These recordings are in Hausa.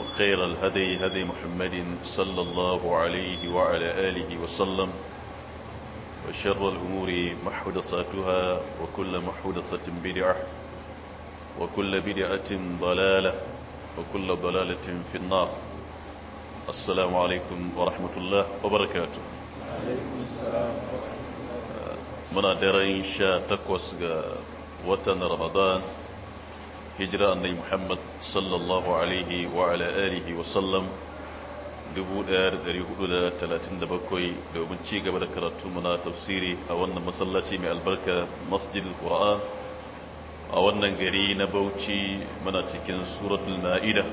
وخير الهدي هدي محمد صلى الله عليه وعلى آله وسلم وشر الأمور محدثاتها وكل محدثة بدعة وكل بدعة ضلالة وكل ضلالة في النار السلام عليكم ورحمة الله وبركاته عليكم السلام ورحمة الله منا درين شا تقوس وطن رمضان hijira annai muhammad sallallahu alaihi wa ala alihi wa sallam 1437 domin ci gaba da karatu muna tafsiri a wannan masallaci mai albarka masjidil qur'an a wannan gari na bauchi muna cikin suratul ma'ida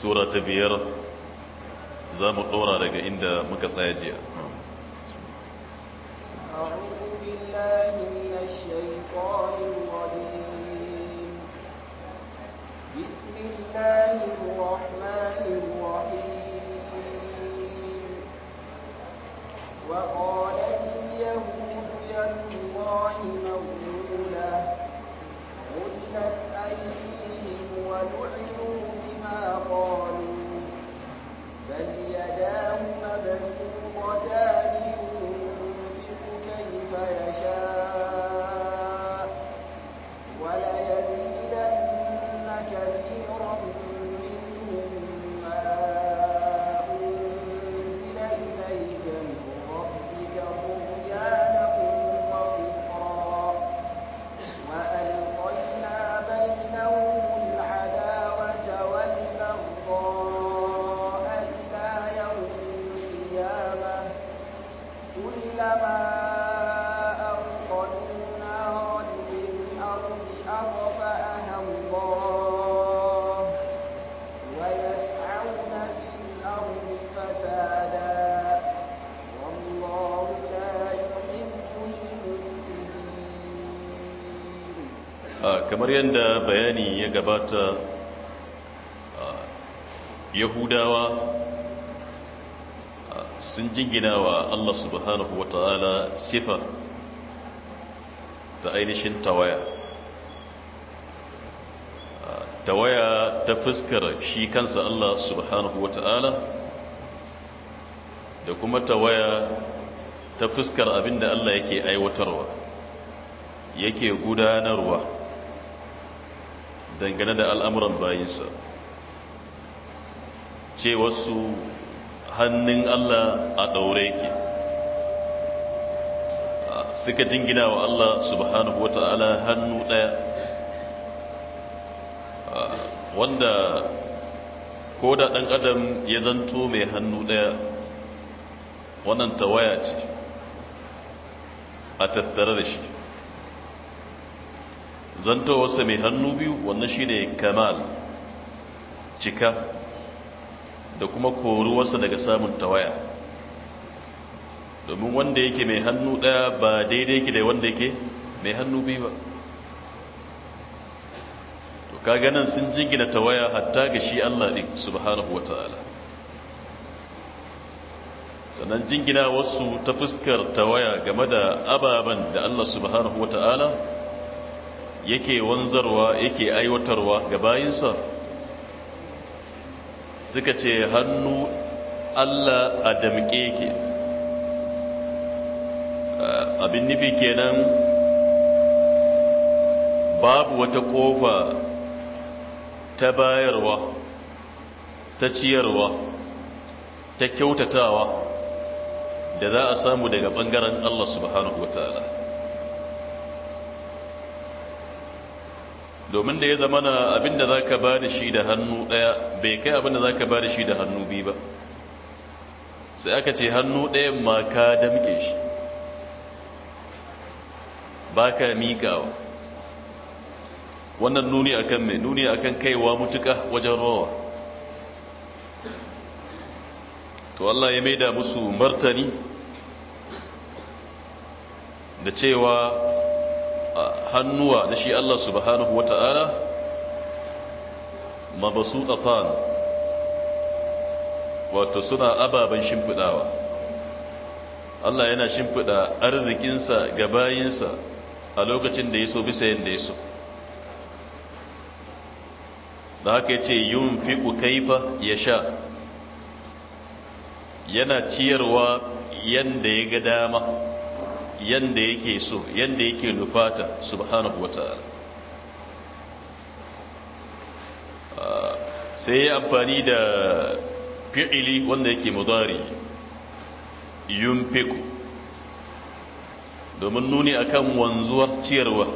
sura biyar zamu mu ɗora daga inda muka tsaya jiya أعوذ بالله من الشيطان الله الرحمن الرحيم وقالت اليهود الله أيديهم ولعنوا بما قالوا بل يداه مبسوطتان kamar yadda bayani ya gabata yahudawa sun jingina wa allah subhanahu wa ta'ala sifa ta ainihin tawaya tawaya ta fuskar shi kansa allah subhanahu wa ta'ala da kuma tawaya ta fuskar abinda allah yake aiwatarwa yake gudanarwa dangane da al'amuran bayinsa ce wasu hannun Allah a ɗaure ke suka jingina wa Allah subhanahu wa ta'ala hannu ɗaya wanda ko da ɗan adam ya zanto mai hannu ɗaya wannan tawaya ce a tattare da shi wasa mai hannu biyu wannan shi ne kamal cika da kuma wasa daga samun tawaya domin wanda yake mai hannu ɗaya ba daidai yake da wanda yake mai hannu biyu ba to kaganan sun jingina tawaya hatta ga shi Allah ne subhanahu ta'ala sannan jingina wasu ta fuskar tawaya game da ababen da Allah subhanahu ta'ala yake wanzarwa yake aiwatarwa ga bayinsa suka ce hannu Allah a damke ke abin nufi kenan babu wata kofa ta bayarwa ta ciyarwa ta kyautatawa da za a samu daga ɓangaren Allah subhanahu wa ta'ala domin da ya zama na abinda za ka ba da shi da hannu ɗaya bai kai abinda za ka ba da shi da hannu biyu ba sai aka ce hannu ɗayan ma ka damke shi ba ka miƙawa wannan nuni akan mai nuni akan kaiwa mutuka wajen rawa to Allah ya maida musu martani da cewa hannuwa na shi Allah subhanahu mabasu mabsuqatan wato suna ababan shimfidawa Allah yana shimfiɗa arzikinsa ga bayinsa a lokacin da yaso bisa yanda yaso da haka yace yunfiqu kaifa sha. yana ciyarwa yanda ya ga dama yanda yake so yanda yake nufata subhanahu ta'ala ah, sai ya amfani da fi'ili wanda yake mudari yunfiku domin nuni akan wanzuwar ciyarwa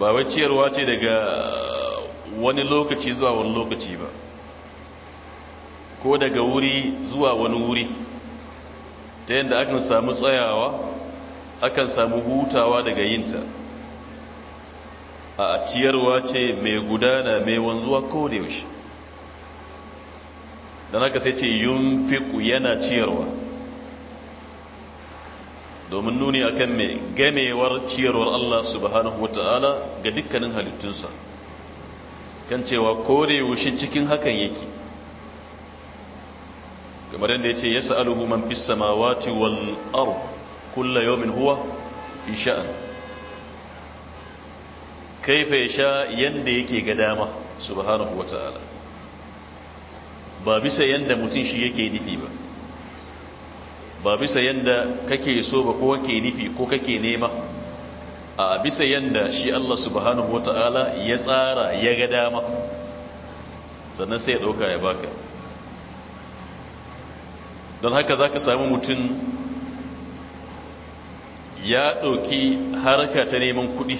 ba wai ciyarwa ce daga wani lokaci zuwa wani lokaci ba ko daga wuri zuwa wani wuri ta yadda akan samu tsayawa akan samu hutawa daga yinta a ciyarwa ce mai gudana mai wanzuwa ko da yaushe don haka sai ce yun yana ciyarwa domin nuni akan mai gamewar ciyarwar Allah subhanahu wata'ala ga dukkanin halittunsa kan cewa ko yaushe cikin hakan yake kamar yadda ya ce ya sa'aluhu man fi samawati wal ard kulla yawmin huwa fi sha'an kaifa ya sha yanda yake ga dama subhanahu wa ta'ala ba bisa yadda mutum shi yake nufi ba ba bisa yanda kake so ba ko kake nufi ko kake nema a bisa yanda shi Allah subhanahu wa ta'ala ya tsara ya ga dama sannan sai ya ɗauka ya baka don haka za ka samu mutum ya ɗauki harka ta neman kuɗi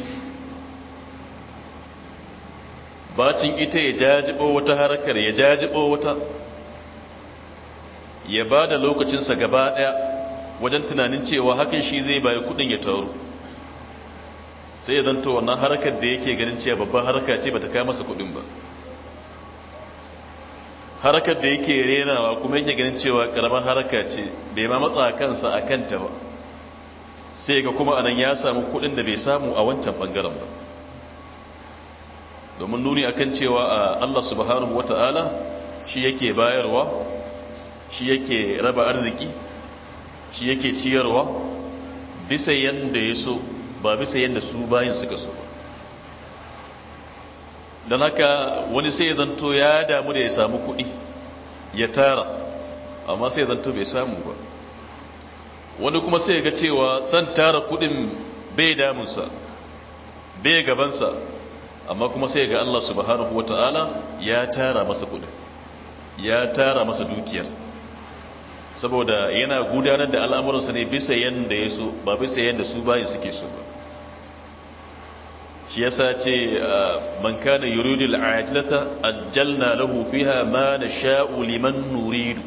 bacin ita ya jajibo wata harkar ya jajibo wata ya ba da lokacinsa gaba ɗaya wajen tunanin cewa hakan shi zai bayi kuɗin ya taru sai ya zanto wannan harkar da yake ganin cewa babban harka ce ba ta kai masa kuɗin ba harakar da yake renawa kuma yake ganin cewa karamar haraka ce bai ma matsa kansa a kanta ba sai ga kuma anan ya samu kudin da bai samu a wancan bangaren ba domin nuni akan cewa a Allah subhanahu wata'ala shi yake bayarwa shi yake raba arziki shi yake ciyarwa bisa yanda ya so ba bisa yanda su bayin suka so ba don haka wani sai ya zanto ya damu da ya samu kuɗi ya tara amma sai ya zanto bai samu ba wani kuma sai ga cewa san tara kuɗin bai damunsa bai gabansa amma kuma sai ga Allah subhanahu wata'ala ya tara masa kuɗin ya tara masa dukiyar saboda yana gudanar da al'amuransa ne bisa yadda ya so ba bisa yadda su bayan suke so ba shi sa ce ah, man kana yuridu al'ajlata ajjalna lahu fiha ma nasha'u liman nuridu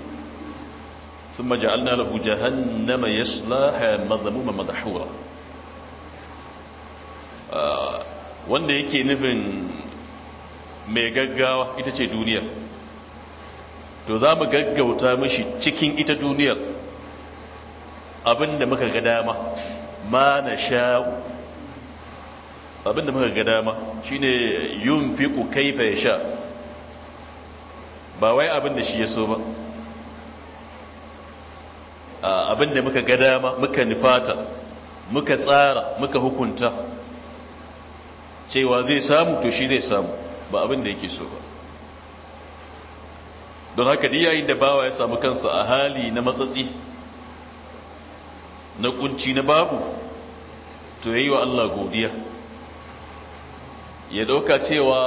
thumma ja'alna lahu jahannama yaslaha ma madhura ah, wanda yake nufin mai gaggawa ita ce duniya to za mu gaggauta mashi cikin ita duniyar abinda muka ga dama ma sha'u abinda muka ga dama shine yunfiqu kayfa yasha ba wai abinda shi yaso ba abinda muka ga dama muka nifata muka tsara muka hukunta cewa zai samu to shi zai samu ba abinda yake so ba don haka da yayin da bawa ya samu kansa a hali na matsatsi na kunci na babu to yayi wa Allah godiya ya dauka cewa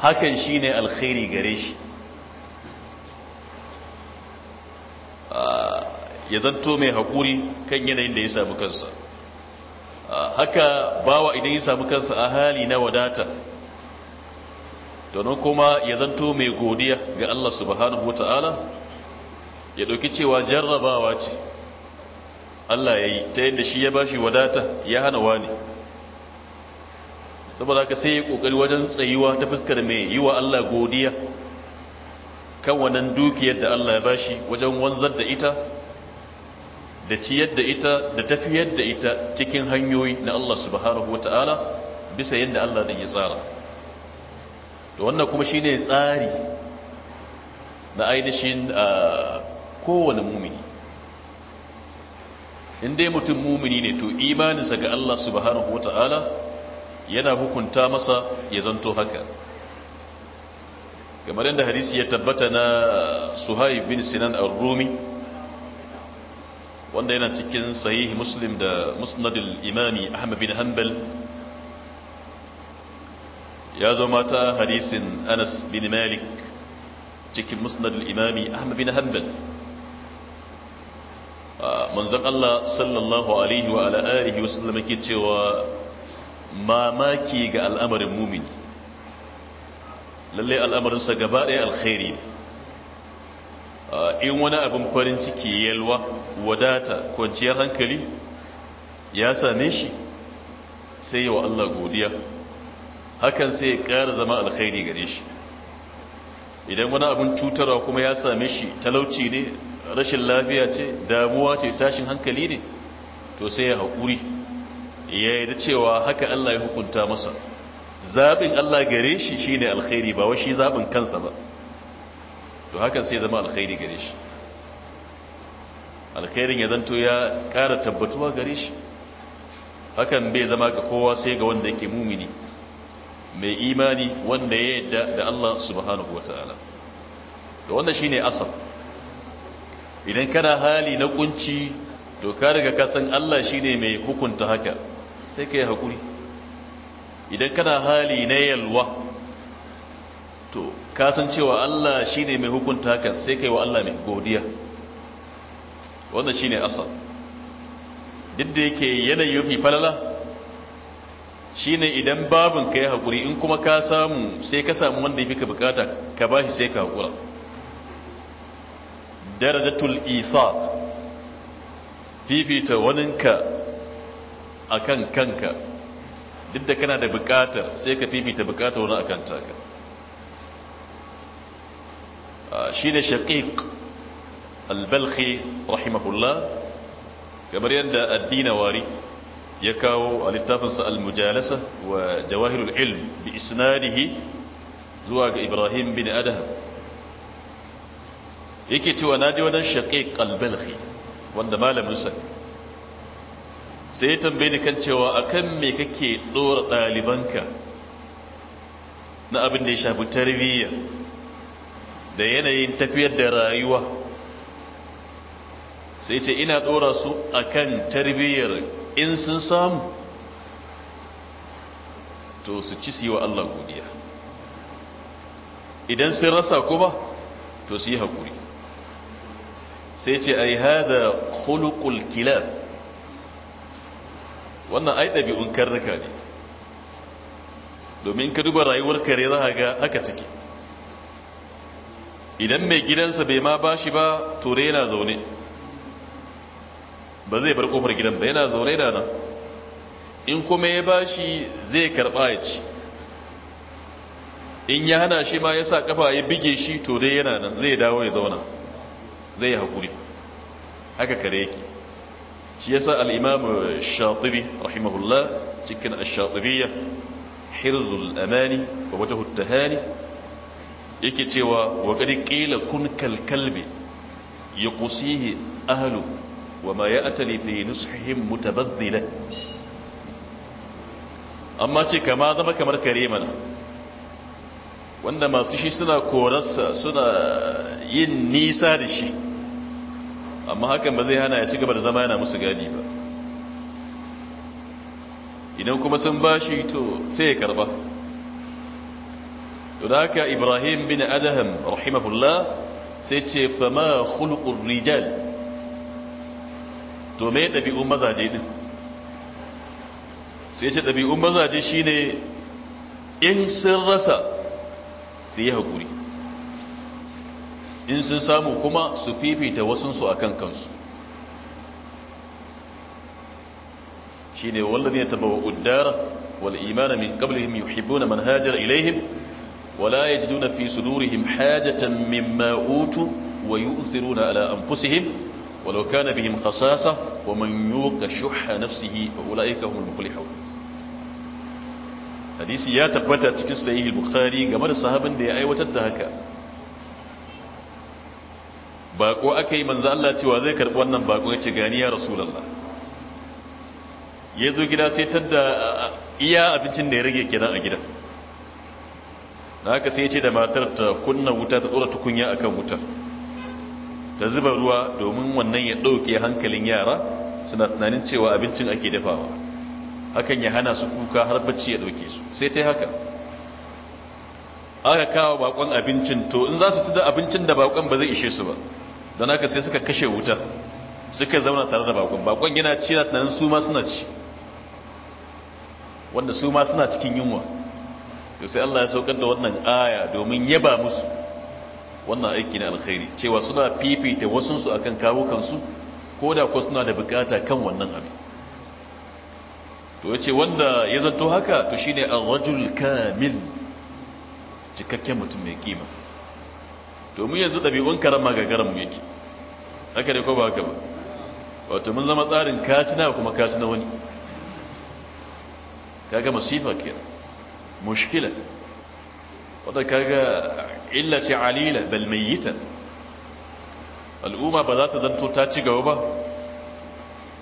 hakan shine alkhairi gare shi ya zanto mai haƙuri kan yanayin da ya samu kansa haka bawa idan ya samu kansa a hali na wadata donon kuma ya zanto mai godiya ga Allah subhanahu wata'ala ya ɗauki cewa jarrabawa ce Allah ya yi ta yadda shi ya bashi wadata ya hana wani saboda ka sai kokari wajen tsayuwa ta fuskar mai yiwa Allah godiya kan wannan dukiyar da Allah ya bashi wajen wanzar da ita da ciyar da ita da tafiyar da ita cikin hanyoyi na Allah subhanahu wata'ala bisa yadda Allah din ya tsara da wannan kuma shine tsari na ainihin kowane mumini in dai mutum mumini ne to imaninsa ga Allah subhanahu wata'ala yana hukunta masa ya zanto haka kamar yadda hadisi ya tabbata na suhai bin sinan al-rumi wanda yana cikin sahih muslim da musnadil imami ahmad bin hanbal ya zo mata hadisin anas bin malik cikin musnadil imami ahmad bin hanbal ah, manzan allah sallallahu alaihi wa ala alihi wasallam yake cewa mamaki ga al'amarin mumini lalle al'amarinsa gaba ɗaya alkhairi in wani abin farin ciki yalwa wadata kwanciyar hankali ya same shi sai yi wa Allah godiya hakan sai ya ƙara zama alkhairi gare shi idan wani abin cutarwa kuma ya same shi talauci ne rashin lafiya ce damuwa ce tashin hankali ne to sai ya haƙuri ya da cewa haka Allah ya hukunta masa zaɓin Allah gare shi shine alkhairi ba wa shi zaɓin kansa ba to hakan sai zama alkhairi gare shi alkhairin ya zanto ya ƙara tabbatuwa gare shi hakan bai zama ga kowa sai ga wanda yake mumini mai imani wanda ya yadda da Allah subhanahu wa ta'ala. to shi shine asal idan kana hali na kunci to ka riga ka san Allah ne mai hukunta haka sai ka yi haƙuri idan kana hali na yalwa to cewa Allah shi ne mai hukunta hakan sai ka yi wa Allah mai godiya wannan shi ne Asa. duk da yake yanayi mafi falala shi ne idan babin ka yi haƙuri in kuma ka samu sai ka samu wanda ya fi ka bukata ka ba shi sai ka haƙura darajatul isa fifita waninka akan kanka duk da kana da bukatar sai ka fifita bukatar wani akan taka ah, shine shaqiq al-balkhi rahimahullah kamar yadda addina wari ya kawo a littafinsa almujalasa wa jawahirul ilm bi isnadihi zuwa ga ibrahim bin adham yake cewa naji wajen shaqiq al-balkhi wanda malamin sa sai ya tambaye ni kan cewa akan me kake dora ɗalibanka na abin da ya shafi tarbiyya da yanayin tafiyar da rayuwa sai ce ina dora su akan tarbiyyar in sun samu to su ci su yi wa Allah godiya idan sun rasa kuma to su yi haƙuri sai ce ai hada khuluqul kilab wannan ai ɗabi'un karnuka ne domin ka duba rayuwar kare za ga aka ciki idan mai gidansa bai ma ba shi ba ture yana zaune ba zai bar kofar gidan ba yana zaune da nan in kuma ya ba shi zai karɓa ya ci in ya hana shi ma ya sa kafa ya bige shi to dai yana nan zai dawo ya zauna zai haƙuri haka kare yake شيسا الإمام الشاطبي رحمه الله تكن الشاطبية حرز الأمان ووجه التهاني يكتوى وقد قيل كن كالكلب يقصيه أهله وما يأتلي في نصحهم متبذلة أما تي كما زم كما كريما وانما سيشي سنة كورس سنة ين نيسا دشي amma hakan ba zai hana ya ci gaba da zama yana musu gadi ba idan kuma sun bashi to sai ya karba da haka ibrahim bin adaham rahimahullah sai ce fama khulqur rijal to me dabi'un mazaje din sai ce dabi'un mazaje shine in sun rasa su yi in sun samu kuma su fifita wasunsu akan kansu shi ne wallazi ya taba uddara wal imana min qablihim yuhibbuna man hajara ilaihim wala yajiduna fi sudurihim hajatan mimma utu wa na ala anfusihim wa كان بهم خصاصة ومن يوق شح نفسه فأولئك هم المفلحون hadisi ya tabbata cikin sahih al-bukhari game da sahabin da ya aiwatar da haka bako aka yi manzo Allah cewa zai karbi wannan bako ya ce gani ya rasulullah ya zo gida sai tadda iya abincin da ya rage kenan a gidan da haka sai ya ce da matar ta kunna wuta ta dora tukunya akan wutar ta zuba ruwa domin wannan ya ɗauke hankalin yara suna tunanin cewa abincin ake dafawa hakan ya hana su kuka har bacci ya ɗauke su sai ta haka aka kawo bakon abincin to in za su ci da abincin da bakon ba zai ishe su ba don haka sai suka kashe wutar suka zauna tare da bakon bakon yana ci tunanin su ma suna ci wanda su ma suna cikin yunwa to sai Allah ya saukar da wannan aya domin yaba musu wannan aiki na alkhairi cewa suna fifita wasunsu akan kawo kansu ko da ko suna da bukata kan wannan abin to yace wanda ya zanto haka to shine ar-rajul kamil cikakken mutum mai kima domin yanzu ɗabi'un karan ma gagaran mu yake haka ne ko ba haka ba wato mun zama tsarin kasina kuma kasina wani Ka ga masifa kenan mushkila wadda kaga illa ce alila bal mayyita al'umma ba za ta zanto ta ci gaba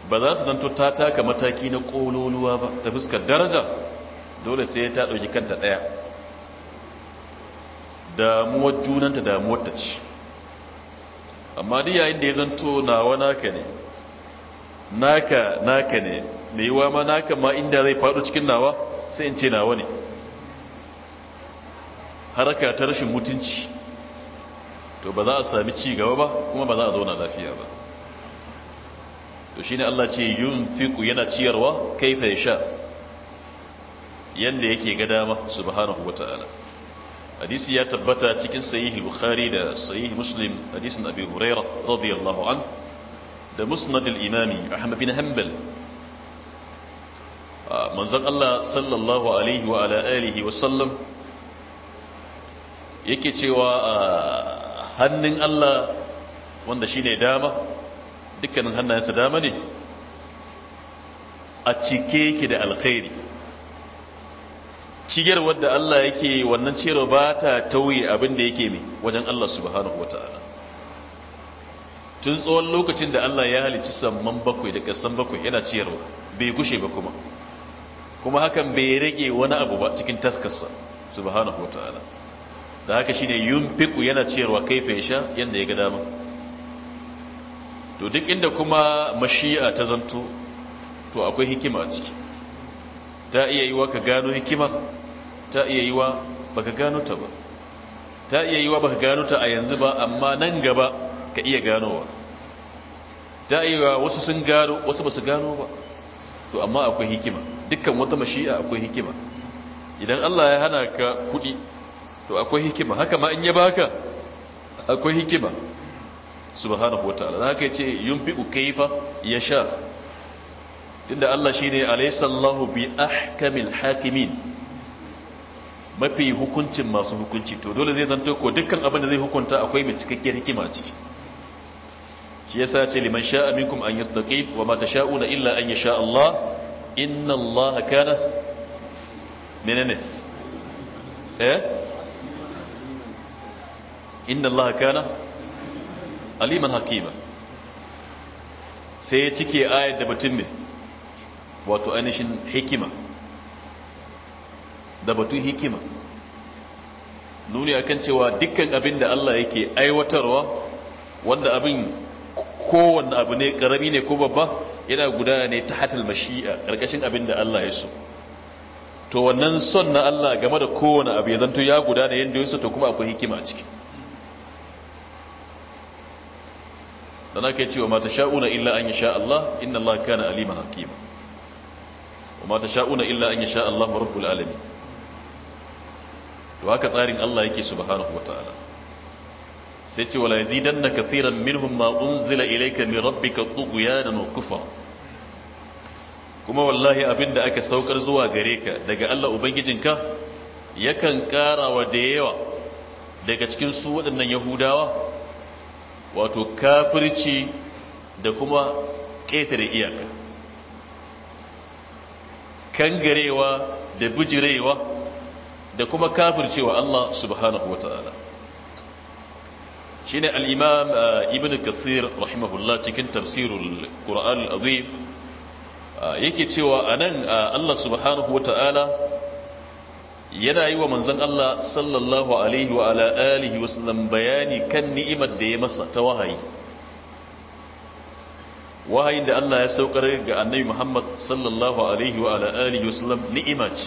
ba ba za ta zanto ta taka mataki na kololuwa ba ta fuskar daraja dole sai ta ɗauki kanta ɗaya. damuwar junanta damuwar ta ce amma duk yayin da ya zanto nawa naka ne naka naka ne mai yiwa ma naka ma inda zai faɗo cikin nawa sai in ce nawa ne haraka ta rashin mutunci to ba za a sami ci gaba ba kuma ba za a zauna lafiya ba to shi ne Allah ce Yun Fiku yana ciyarwa fai sha yadda yake ga dama subhanahu ta'ala. hadisi ya tabbata cikin sahih bukhari da sahih muslim hadisin abi hurairah radiyallahu an da musnad al-imami ahmad bin hanbal ah, manzon Allah sallallahu alaihi wa ala alihi wa sallam yake cewa ah, hannun Allah wanda shine dama dukkanin hannayensa dama ne a cike yake da alkhairi ciyar wadda Allah yake wannan ciyarwa ba ta tauye abin da yake mai wajen Allah subhanahu wa ta'ala tun tsawon lokacin da Allah ya halicci samman bakwai da kasan bakwai yana ciyarwa bai gushe ba kuma kuma hakan bai rage wani abu ba cikin taskarsa subhanahu wa ta'ala da haka shine yunfiku yana ciyarwa kaifa sha yadda ya ga dama to duk inda kuma mashi'a ta zanto to akwai hikima a ciki ta iya yiwa ka gano hikimar ta iya yiwa ka gano ta ba ta iya yiwa ka gano ta a yanzu ba amma nan gaba ka iya ganowa ta iya yiwa wasu sun gano wasu basu gano ba to amma akwai hikima dukkan wata mashi'a akwai hikima idan Allah ya hana ka kudi to akwai hikima haka ma in ya baka akwai hikima subhanahu wataala haka yace yunfiqu kayfa yasha tunda Allah shi shine alaysallahu bi ahkamil hakimin mafi hukuncin masu hukunci to dole zai zanto ko dukkan abin da zai hukunta akwai mai cikakkiyar hikima ciki shi yasa ce liman sha'a minkum an yastaqim wa ma tasha'una illa an yasha Allah inna Allah kana menene eh inna Allah kana aliman hakima sai ya cike ayat da batun mai wato ainihin hikima da batun hikima nuni akan cewa dukkan abin da Allah yake aiwatarwa wanda abin kowanne abu ne karami ne ko babba yana gudana ne ta hatal mashi'a karkashin abin da Allah ya so to wannan son na Allah game da kowane abu ya zanto ya gudana yanda ya so to kuma akwai hikima a ciki dan ake cewa mata sha'una illa an yasha Allah inna Allah kana aliman hakima wa mata sha'una illa an yasha Allahu rabbul alamin to haka tsarin Allah yake subhanahu wataala sai ce wala yazidanna kathiran minhum ma unzila ilayka min rabbika tughyanan wa kufra kuma wallahi abinda aka saukar zuwa gare ka daga Allah ubangijinka yakan karawa da yawa daga cikin su waɗannan yahudawa wato kafirci da kuma ƙetare iyaka kangarewa da bijirewa da kuma kafircewa Allah subhanahu wata'ala shine al-imam uh, ibn kasir rahimahullah cikin tafsirul qur'an al-azim uh, yake cewa anan uh, Allah subhanahu wata'ala yana yi wa manzon Allah sallallahu alaihi wa ala alihi wasallam bayani kan ni'imar da ya masa ta wahayi wahayin da Allah ya saukar ga annabi Muhammad sallallahu alaihi wa ala alihi wasallam ni'ima ce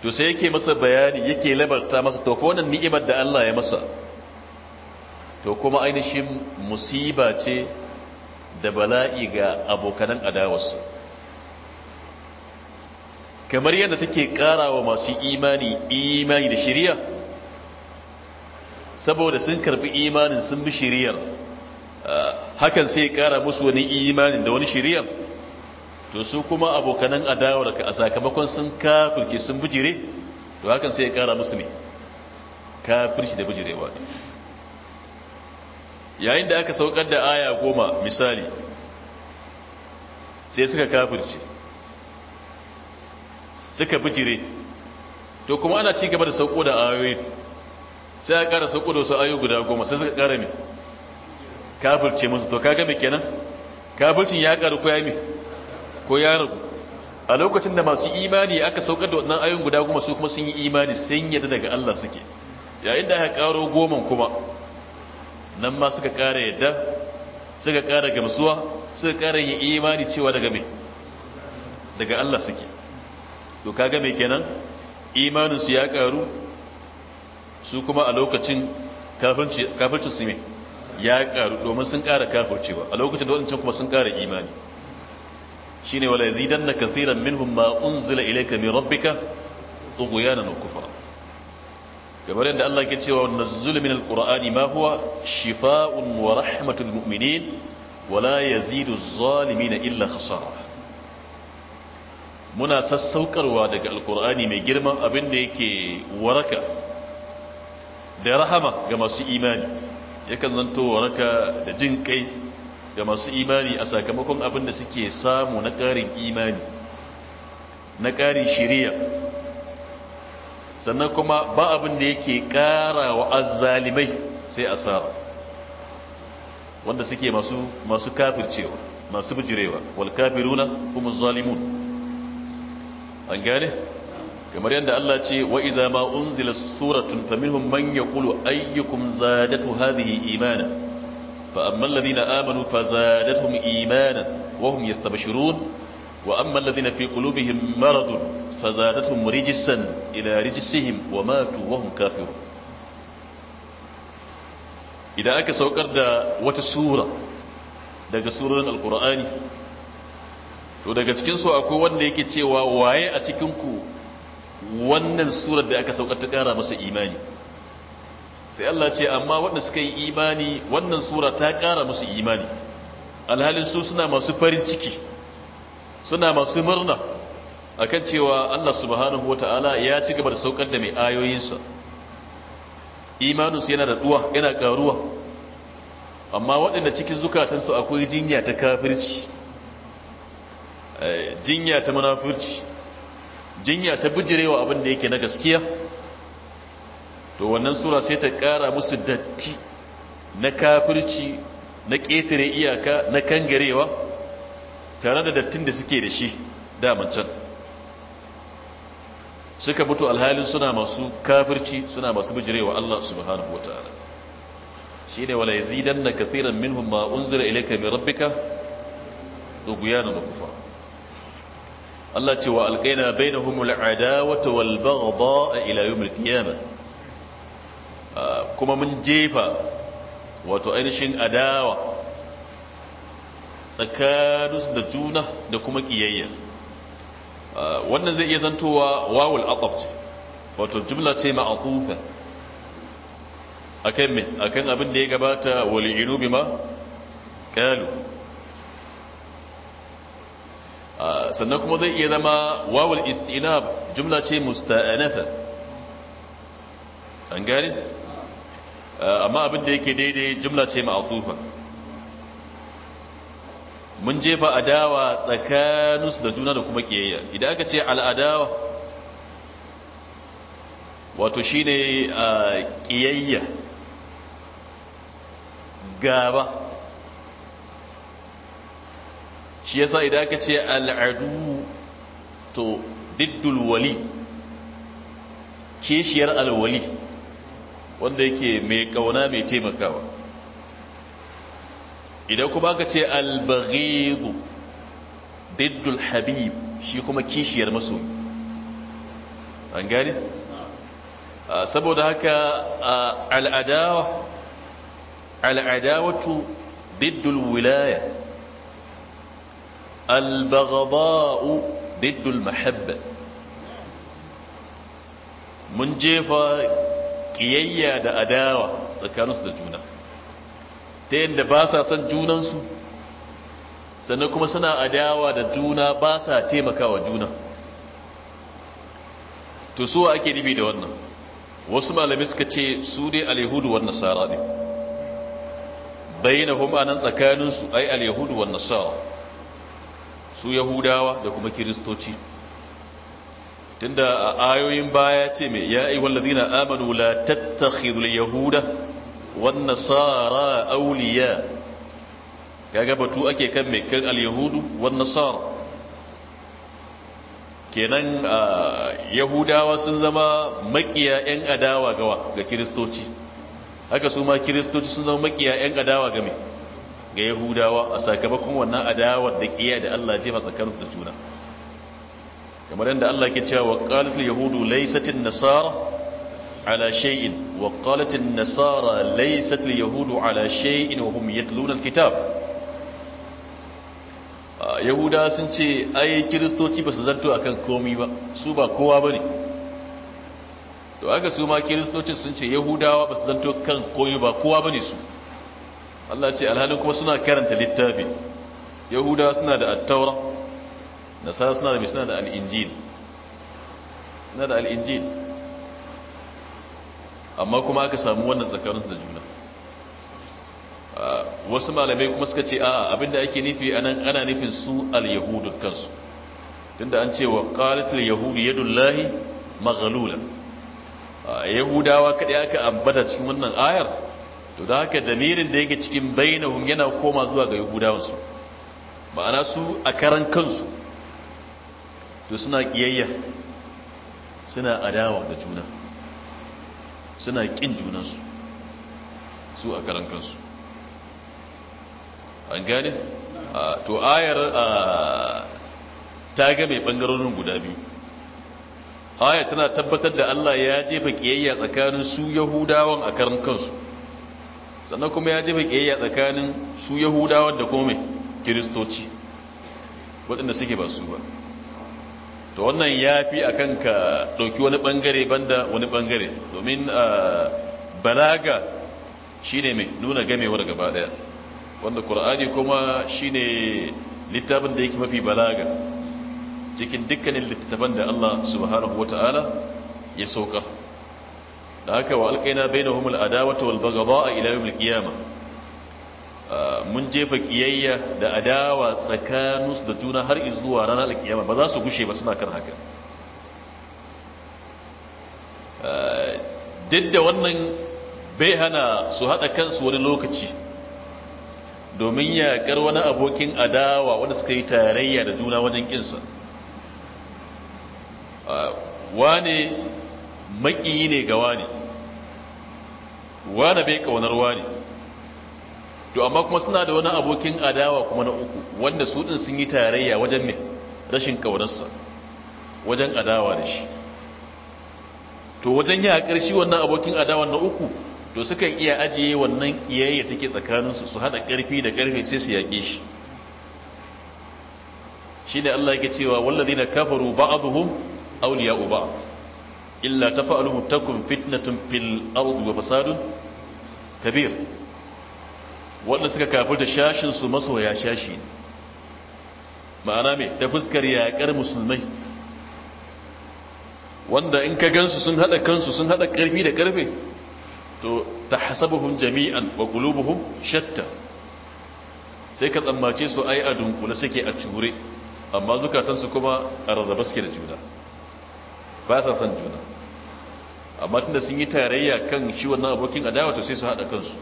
to sai yake masa bayani yake labarta masa to wannan ni'imar da Allah ya masa to kuma ainihin musiba ce da bala'i ga abokanan adawarsa kamar yadda take karawa masu imani imani da shiriya saboda sun karbi imanin sun bi shiriyar Eh, hakan sai ya kara musu wani imanin da wani shiriyar to su kuma abokanan adawar ka a sakamakon sun kafirce sun bujire to hakan sai ya kara musu ne kafirci da bujirewa yayin da aka saukar da aya goma misali sai suka kafirce suka bijire to kuma ana ci gaba da sauko da ayoyi sai a kara sauko da wasu ayoyi guda goma sai suka kara ne kafirce musu to kaga me kenan kafircin ya karu ko ya me ko ya rabu a lokacin da masu imani aka saukar da wannan ayoyin guda goma su kuma sun yi imani sun yadda daga Allah suke yayin da aka karo goman kuma nan ma suka kara yadda suka kara gamsuwa suka kara yin imani cewa daga me daga Allah suke to kaga me kenan imanin su ya karu su kuma a lokacin kafirci kafirci su me ya karu domin sun kara kafircewa a lokacin da wadancan kuma sun kara imani shine wala yazidanna kaseeran minhum ma unzila ilayka min rabbika tughyanan wa kufra kamar yadda Allah ke cewa wannan zulmin alqur'ani ma huwa shifaa'un wa rahmatul mu'minin wala yazidu zalimi na illa khasara muna sassaukarwa daga alkur'ani mai girman abin da yake waraka da rahama ga masu imani yakan zanto waraka da jin kai ga masu imani a sakamakon abin da suke samu na ƙarin imani na ƙarin shiriya sannan kuma ba abin da yake ƙara wa azzalimai sai asara wanda suke masu masu kafircewa masu bijirewa wal kafiruna kuma zalimun an gane kamar yadda Allah ce wa iza ma unzila suratun faminhum man yaqulu ayyukum zadatu hadhihi imana fa amma alladhina amanu fazadatuhum imana wa hum yastabshirun wa amma alladhina fi qulubihim rijsan ila rijsihim wa matu wa hum kafirun idan aka saukar da wata sura daga surorin alqur'ani to daga cikin su akwai wanda yake cewa waye a cikin ku wannan surar da aka saukar ta ƙara masa imani sai Allah ce amma waɗanda suka yi imani wannan sura ta ƙara musu imani alhalin su suna masu farin ciki suna masu murna akan cewa Allah subhanahu ta'ala ya ci gaba da saukar da mai ayoyinsa imaninsu yana da duwa yana karuwa amma waɗanda cikin zukatansu akwai jinya ta kafirci eh, jinya ta munafurci jinya ta bijirewa abin da yake na gaskiya to wannan sura sai ta kara musu datti na kafirci na ƙetare iyaka na kangarewa tare da dattin da suke da shi daman can suka mutu alhalin suna masu kafirci suna masu bijirewa Allah subhanahu wa ta'ala shi ne wala yazidan na kathiran minhum ma unzira ilayka min rabbika duguyanan da kufa Allah ce wa alƙaina bainahumul adawata wal baghdha a yawmil qiyamah ah, kuma mun jefa wato ainihin adawa tsakaninsu da juna da kuma kiyayya ah, wannan zai iya zantowa wawul ataf ce wato jumla ce ma'atufa akan me akan abin da ya gabata wal inubi ma kalu. Ah, sannan kuma zai iya zama wawul istinab jumla ce musta'anafa an gane ah, amma abin da yake daidai jumla ce ma'atufa mun jefa adawa tsakanus da juna da kuma kiyayya idan aka ce al'adawa wato shine ah, kiyayya gaba shi yasa idan aka ce al'adu to diddul wali keshiyar alwali wanda yake mai kauna mai taimakawa idan kuma aka ce albaghidu diddul habib shi kuma kishiyar maso an gani saboda haka al'adawa al'adawatu diddul wilaya albagaba'u diddul mahabba mun jefa ƙiyayya da adawa tsakaninsu da juna ta yadda ba sa son junansu sannan kuma suna adawa da juna ba sa taimakawa juna to so ake ribi da wannan wasu malami suka ce su dai alyahudu wannan sara ne ai su yahudawa da kuma kiristoci tunda a ayoyin baya ce mai ya yi wallazina amanu la tattakhidul yahuda wan nasara awliya kaga batu ake kan mai kan al-yahudu wan nasara kenan yahudawa sun zama makiya yan adawa gawa ga kiristoci haka su ma kiristoci sun zama makiya yan adawa ga mai ga yahudawa a sakamakon wannan adawar da kiya da Allah jefa tsakaninsu da juna kamar yadda Allah ke cewa qalatul yahudu laisatin nasara ala shay'in wa qalatin nasara laysatul yahudu ala shay'in wa hum yatluna alkitab yahuda sun ce ai kiristoci ba su zarto akan komai ba su ba kowa bane to aka su ma kiristoci sun ce yahudawa ba su zanto kan koyi ba kowa bane su Allah ce alhalin kuma suna karanta littafi yahudawa suna da attaura nasara suna da suna da al'injil suna da al'injil amma kuma aka samu wannan tsakaninsu da juna wasu malamai kuma suka ce a abinda ake nufi anan ana nufin su al-yahudu kansu tunda an ce wa qalatul yahudu yadullahi maghlula yahudawa kadai aka ambata cikin wannan ayar to da haka damirin da yake cikin bainahum yana koma zuwa ga yahudawan ma'ana su a karan kansu to suna kiyayya suna adawa da juna suna kin junansu su a karan kansu an gane to ayar ta ga mai bangarorin guda biyu aya tana tabbatar da Allah ya jefa kiyayya tsakanin su yahudawan a karan kansu sannan kuma ya jefa kiyayya tsakanin su yahudawa da kuma kiristoci waɗanda suke ba su ba to wannan ya fi a kanka ɗauki wani ɓangare banda wani ɓangare domin ah, balaga shi ne mai nuna gamewar gaba ɗaya wanda ƙura'ani kuma shi ne littafin da yake mafi balaga cikin dukkanin littattafan da allah subhanahu ta'ala ya sauka da haka wa alƙaina bainahum al'adawata wal baghdha ila a al-qiyamah ah, mun jefa kiyayya da adawa tsakanus da juna har zuwa ranar alkiyama ba za su gushe ba suna kan haka ah, duk da wannan bai hana su haɗa kansu wani lokaci domin yaƙar wani abokin adawa wanda suka yi tarayya da juna wajen ƙinsa ah, wane maƙiyi ne ga wane wane bai kaunar wane to amma kuma suna da wani abokin adawa kuma na uku wanda su din sun yi tarayya wajen ne rashin kaunarsa wajen adawa da shi to wajen yi a wannan abokin adawa na uku to sukan iya ajiye wannan iyayya take tsakaninsu su haɗa ƙarfi da ƙarfe sai su yaƙe shi shi ne Allah yake cewa wallazina kafaru ba'dhum awliya'u ba'd illa tafa'aluhu takun fitnatun fil ardi wa fasadun kabir wanda suka kafirta shashin su ya shashi ne ma'ana me ta fuskar yaƙar musulmai wanda in ka gansu sun haɗa kansu sun haɗa ƙarfi da ƙarfe to ta hasabuhun jami'an wa buhu? shatta sai ka tsammace su ai a dunkule suke a cure amma zukatansu kuma a rarraba suke da juna ba sa son juna amma tunda sun yi tarayya kan shi wannan abokin adawa to sai su haɗa kansu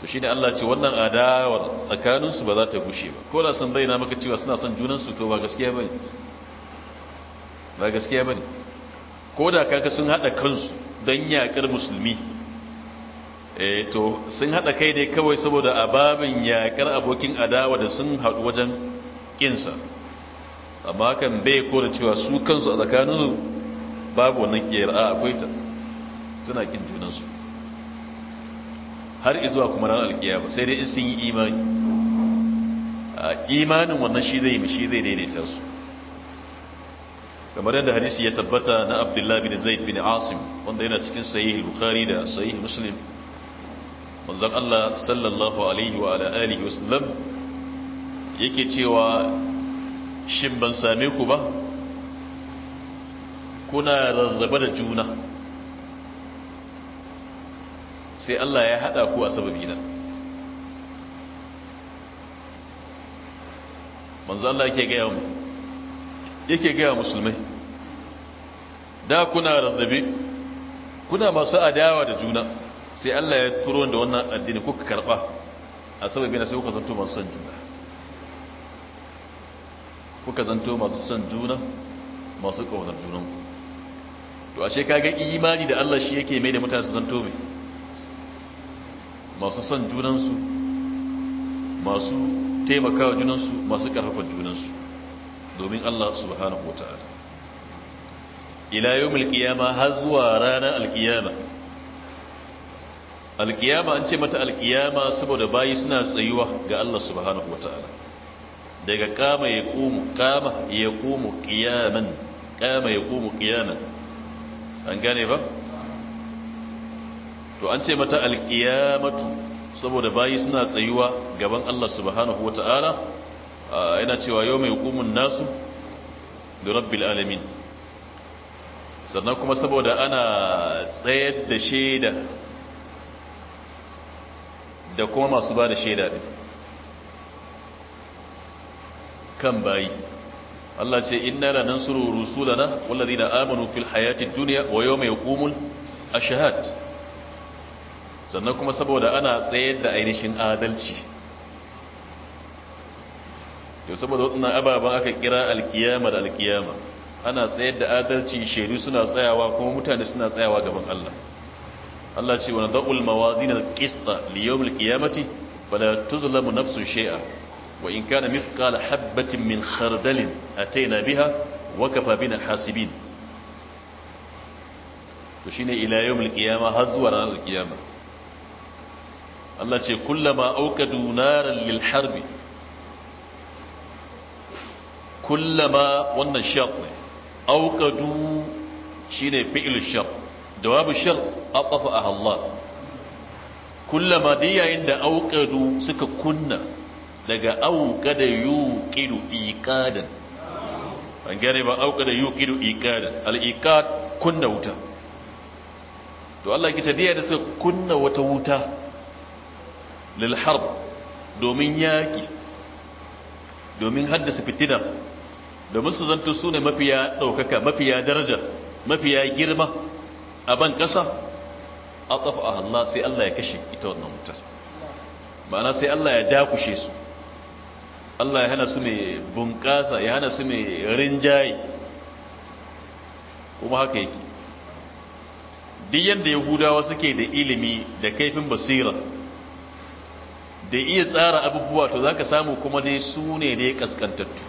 to shi ne Allah ce wannan adawa tsakaninsu ba za ta gushe ba ko da sun bayyana maka cewa suna son junansu to ba gaskiya ba ne ba gaskiya ba ne ko da kaka sun haɗa kansu don yaƙar musulmi eh to sun haɗa kai ne kawai saboda ababin yaƙar abokin adawa da sun haɗu wajen ƙinsa amma kan bai ko da cewa su kansu a tsakaninsu babu wannan kiyar a akwai ta suna kin junansu har izuwa kuma ranar alkiyama sai dai sun yi imani imanin wannan shi zai yi shi zai daidaita su kamar yadda hadisi ya tabbata na abdullahi bin zaid bin asim wanda yana cikin sahih bukhari da sahih muslim manzon Allah sallallahu alaihi wa ala alihi wasallam yake cewa shin ban same ku ba kuna rarraba da juna sai Allah ya hada ku a sababi na manzo Allah yake ga mu yake ga musulmai da kuna rarrabe kuna masu adawa da juna sai Allah ya turo da wannan addini kuka karba a sababi na sai kuka zanto masu san juna kuka zanto masu san juna masu kaunar junanku to ashe kaga imani da Allah shi yake mai da mutane su zanto mai masu son junansu masu taimakawa junansu masu karfafa junansu domin Allah subhanahu ta'ala ila yawmil mulkiyama har zuwa ranar alkiyama. Alkiyama an ce mata alkiyama saboda bayi suna tsayuwa ga Allah subhanahu ta'ala daga kama ya kuma kama ya kuma kiyaman kama ya kuma kiyaman an gane ba to an ce mata alƙiyamatu saboda bayi suna tsayuwa gaban Allah subhanahu ta'ala, yana cewa yau mai hukumun nasu da rabbil alamin sannan kuma saboda ana tsayar da shaida da kuma masu ba da shaida ɗin kan bayi Allah ce inna la nansuru rusulana da amanu fil hayati dunya wa yawma yaqumul ashhad sannan kuma saboda ana tsayar da ainihin adalci yau saboda waɗannan ababen aka kira alkiyama da alkiyama ana tsayar da adalci shaidu suna tsayawa kuma mutane suna tsayawa gaban Allah Allah ce wa nadul mawazin alqista li yawm alqiyamati fala tuzlamu nafsun shay'a وإن كان مثقال حبة من خردل أتينا بها وكفى بنا حاسبين تشيني إلى يوم القيامة هزوى على القيامة الله يقول كلما أوكدوا نارا للحرب كلما ون الشر أوكدوا شيني فعل الشر دواب الشر أطفأها الله كلما دي عند أوكدوا سك كنا daga auka da yuqidu iqadan an gare ba auka da yuqidu iqadan al iqad kunna wuta to Allah ta tadiya da suka kunna wata wuta lil harb domin yaki domin haddasa fitina domin su zanta su ne mafiya ɗaukaka mafiya daraja mafiya girma a ban ƙasa a ƙafa Allah sai Allah ya kashe ita wannan wutar ma'ana sai Allah ya dakushe su Allah ya hana su mai bunƙasa ya hana su mai rinjaye kuma haka yake duk yadda yahudawa suke da ilimi da kaifin basira da iya tsara abubuwa to za ka samu kuma dai su ne ne ƙasƙantattu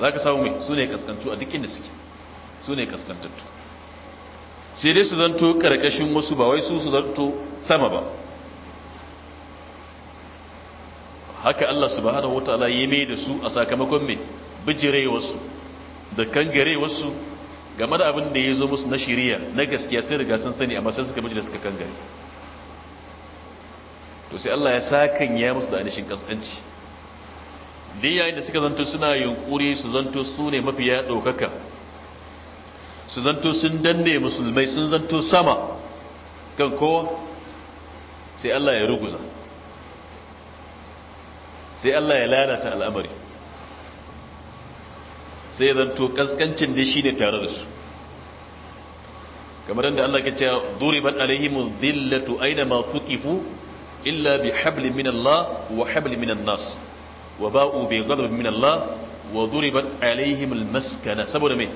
za ka samu mai su ne kaskantu a duk inda suke su ne ƙasƙantattu sai dai su zanto ƙarƙashin wasu ba wai su su zanto sama ba haka Allah subhanahu wataala ya mai da su a sakamakon mai bijirewarsu da kangarewarsu game da abin da ya zo musu na shiriya na gaskiya sai riga sun sani amma sai suka bijira suka kangare to sai Allah ya sakan ya musu da anishin kaskanci dai yayin da suka zanto suna yunkuri su zanto su ne mafiya ɗaukaka su zanto sun danne musulmai sun zanto sama kan kowa sai Allah ya ruguza sai Allah ya lalata al'amari sai zanto kaskancin dai shine tare da su kamar da Allah ke ce duribat alaihimul dillatu aina ma fuqifu illa bi hablin min Allah wa hablin min nas wa ba'u bi ghadabin min Allah wa duribat alaihimul maskana saboda me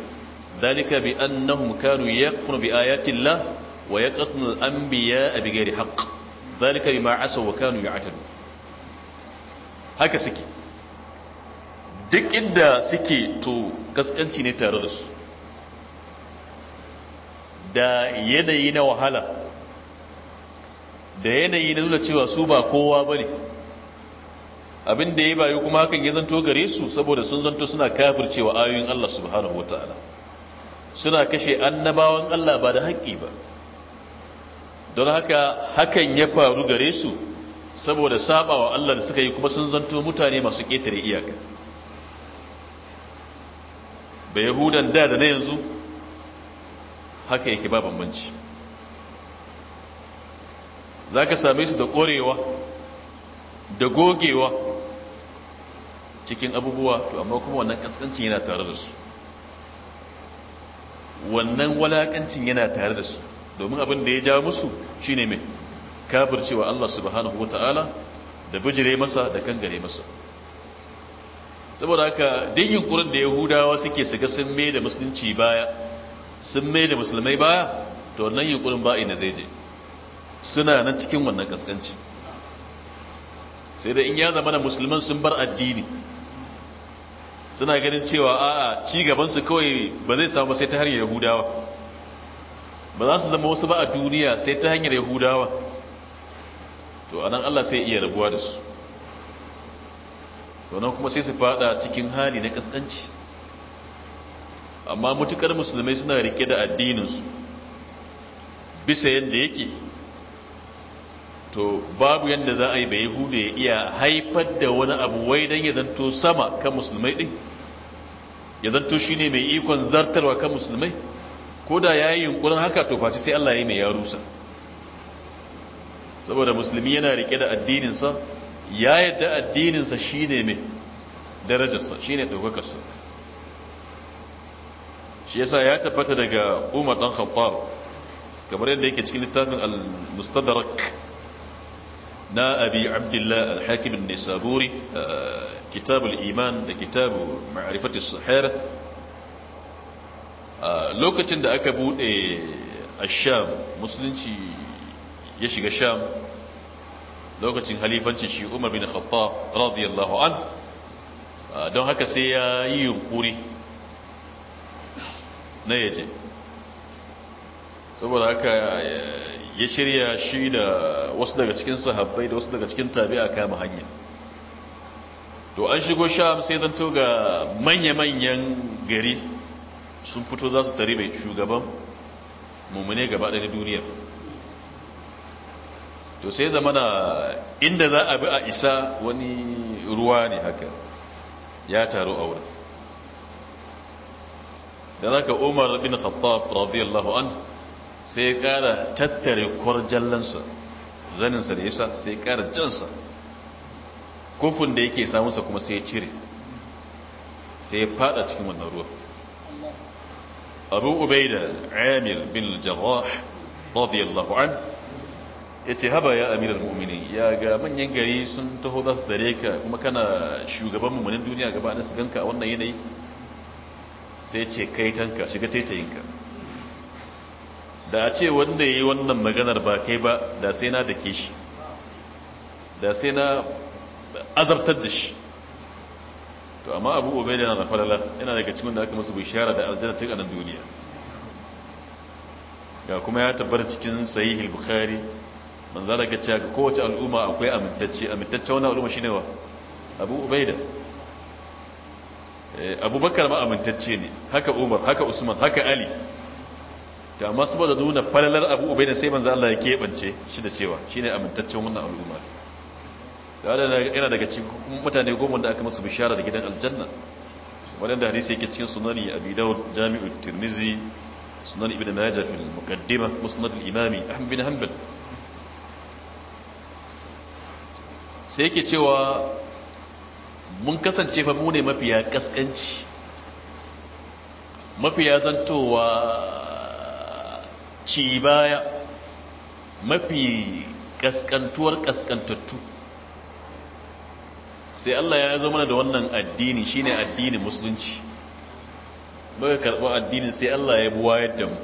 dalika bi annahum kanu yakfuru bi ayati Allah wa yaqtulu al-anbiya bi ghairi haqq dalika bima asaw wa kanu ya'tadun haka suke duk inda suke to kaskanci ne tare da su da yanayi na wahala da yanayi na nuna cewa su ba kowa ba ne abin da ya bayu kuma hakan ya zanto gare su saboda sun zanto suna kafircewa ayoyin Allah subhanahu wa ta'ala suna kashe annabawan Allah ba da haƙƙi ba don haka hakan ya faru gare su saboda sabawa Allah da suka yi kuma sun zanto mutane masu ƙetare iyaka ba yahudan da da na yanzu haka yake ba bambanci za ka same su da ƙorewa da gogewa cikin abubuwa to amma kuma wannan ƙasƙancin yana tare da su wannan walaƙancin yana tare da su domin abin da ya ja musu shine mai kafircewa Allah subhanahu wa ta'ala da bijire masa da kangare masa saboda haka din yunkurin da yahudawa suke shiga sun mai da musulunci baya sun mai da musulmai baya to wannan yunkurin ba ina zai je suna nan cikin wannan kaskanci sai da in ya zama na musulman sun bar addini suna ganin cewa a'a ci gabansu kawai ba zai samu sai ta hanyar yahudawa ba za su zama wasu ba a duniya sai ta hanyar yahudawa to a nan Allah sai iya rabuwa da su to nan kuma sai su fada cikin hali na kaskanci amma mutukar musulmai suna rike da addininsu bisa yadda yake to babu yadda za a yi bai hudu ya iya haifar da wani abu wai don ya zanto sama kan musulmai din ya zanto shi ne mai ikon zartarwa kan musulmai ko da ya yi yunkurin haka to faci sai Allah ya yi mai ya rusa saboda musulmi yana rike da addininsa ya yadda addininsa shine mai darajarsa shine daukakarsa shi yasa ya tabbata daga Umar dan Khattab kamar yadda yake cikin littafin al-Mustadrak na Abi Abdullah al-Hakim an-Nisaburi kitab iman da kitab ma'rifat as lokacin da aka bude asham musulunci ya shiga sham lokacin halifancin shi umar bin khattab radiyallahu an don haka sai ya yi yunkuri na yaje saboda haka ya shirya shi da wasu daga cikin sahabbai da wasu daga cikin tabi'a kama hanya to an shigo sham sai zanto ga manya-manyan gari sun fito za su tare mai shugaban mummune gaba ɗaya duniyar to sai zama na inda za a bi a isa wani ruwa ne haka ya taru a wurin da zaka umar bin khattab radiyallahu an sai ya kara tattare kwarjallansa zaninsa da isa sai ya kara jansa kufin da yake samunsa kuma sai ya cire sai ya fada cikin wannan ruwa abu ubaida amir bin jarrah radiyallahu anhu ya ce haba ya amirar mu'mini ya ga manyan gari sun taho za su dare ka kuma kana shugaban mummunin duniya gaba na su ganka a wannan yanayi sai ce kai tanka shiga taitayinka da a ce wanda ya yi wannan maganar ba kai ba da sai na da ke shi da sai na azabtar da shi to amma abu obe da yana falala yana daga cikin da aka masu bishara da aljanna cikin anan duniya ga kuma ya tabbata cikin sahihul bukhari manzo daga cewa kowace al'umma akwai amintacce amintacce wannan al'umma shine wa Abu Ubaida eh, Abubakar ma amintacce ne haka Umar haka Usman haka Ali da ba da nuna falalar Abu Ubaida sai manzo Allah ya kebance shi da cewa shi shine amintaccen wannan al'umma da yana daga cikin mutane goma da aka masu bishara da gidan aljanna wadanda hadisi yake cikin sunani Abi Dawud Jami'ut Tirmizi sunan Ibn Majah fil Muqaddimah Musnad al-Imami Ahmad bin Hanbal sai yake cewa mun kasance fa mu ne mafiya kaskanci mafiya zantowa ci baya mafi kaskantuwar kaskantattu sai Allah ya zo mana da wannan addini shine addini musulunci muka karɓo addinin sai Allah ya buwa yadda mu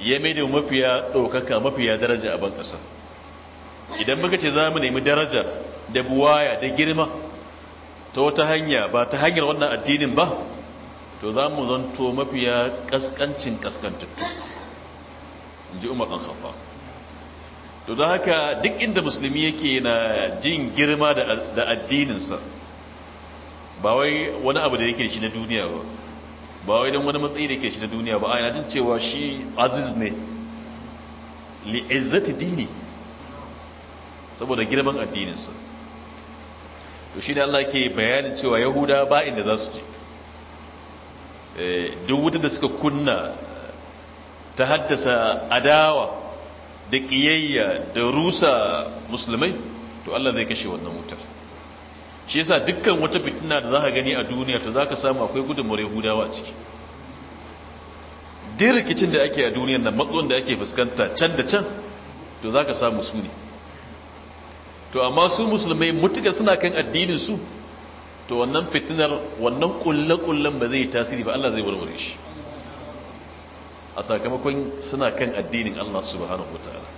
ya mai da mafiya ɗaukaka mafiya daraja a ban ƙasa idan muka ce za mu nemi darajar da buwaya da girma ta wata hanya ba ta hanyar wannan addinin ba to za mu zanto mafiya kaskancin kaskantattu in ji umar ɗansafa to da haka duk inda musulmi yake na jin girma da addininsa ba wai wani abu da yake shi na duniya ba ba wai don wani matsayi da yake shi na duniya ba a yana jin cewa shi aziz ne li'izzati dini saboda girman addininsa to shi da Allah ke bayani cewa yahuda ba inda za su je eh, duk wuta da suka kunna ta haddasa adawa da ƙiyayya da rusa musulmai to Allah zai kashe wannan wutar shi yasa dukkan wata fitina da za ka gani a duniya ta za ka samu akwai gudunmuwar yahudawa ciki din rikicin da ake a duniyar na matsuwan da ake fuskanta can da can to za ka samu su ne to amma su musulmai mutuka suna kan addinin su to wannan fitinar wannan kullakullan ba zai tasiri ba Allah zai warware shi a sakamakon suna kan addinin Allah subhanahu wataala